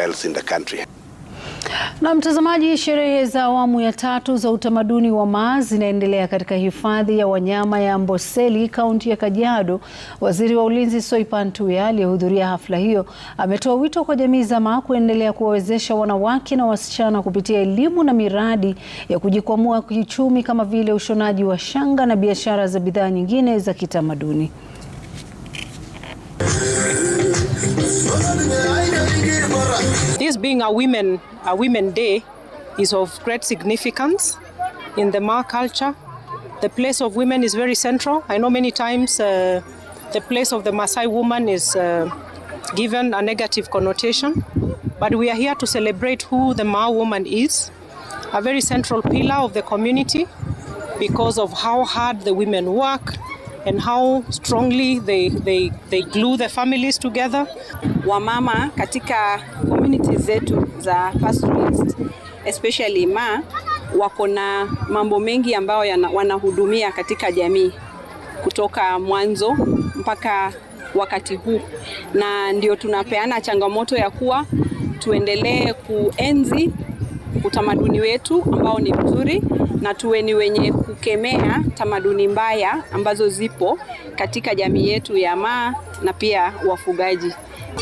else in the country. Na mtazamaji, sherehe za awamu ya tatu za utamaduni wa Maa zinaendelea katika hifadhi ya wanyama ya Amboseli, kaunti ya Kajiado. Waziri wa Ulinzi Soipan Tuya aliyehudhuria hafla hiyo ametoa wito kwa jamii za Maa kuendelea kuwawezesha wanawake na wasichana kupitia elimu na miradi ya kujikwamua kiuchumi kama vile ushonaji wa shanga na biashara za bidhaa nyingine za kitamaduni. being a women a women day is of great significance in the Ma culture. The place of women is very central. I know many times uh, the place of the Maasai woman is uh, given a negative connotation, but we are here to celebrate who the Ma woman is, a very central pillar of the community because of how hard the women work, and how strongly they, they, they glue the families together. Wamama katika community zetu za pastoralist especially ma wako na mambo mengi ambayo wanahudumia katika jamii kutoka mwanzo mpaka wakati huu, na ndio tunapeana changamoto ya kuwa tuendelee kuenzi utamaduni wetu ambao ni mzuri, na tuwe ni wenye kukemea tamaduni mbaya ambazo zipo katika jamii yetu ya Maa na pia wafugaji.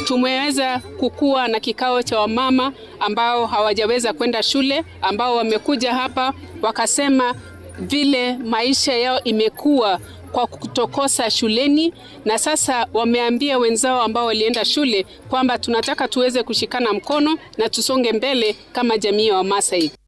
Tumeweza kukua na kikao cha wamama ambao hawajaweza kwenda shule, ambao wamekuja hapa wakasema vile maisha yao imekuwa kwa kutokosa shuleni, na sasa wameambia wenzao ambao walienda shule kwamba tunataka tuweze kushikana mkono na tusonge mbele kama jamii ya Wamasai.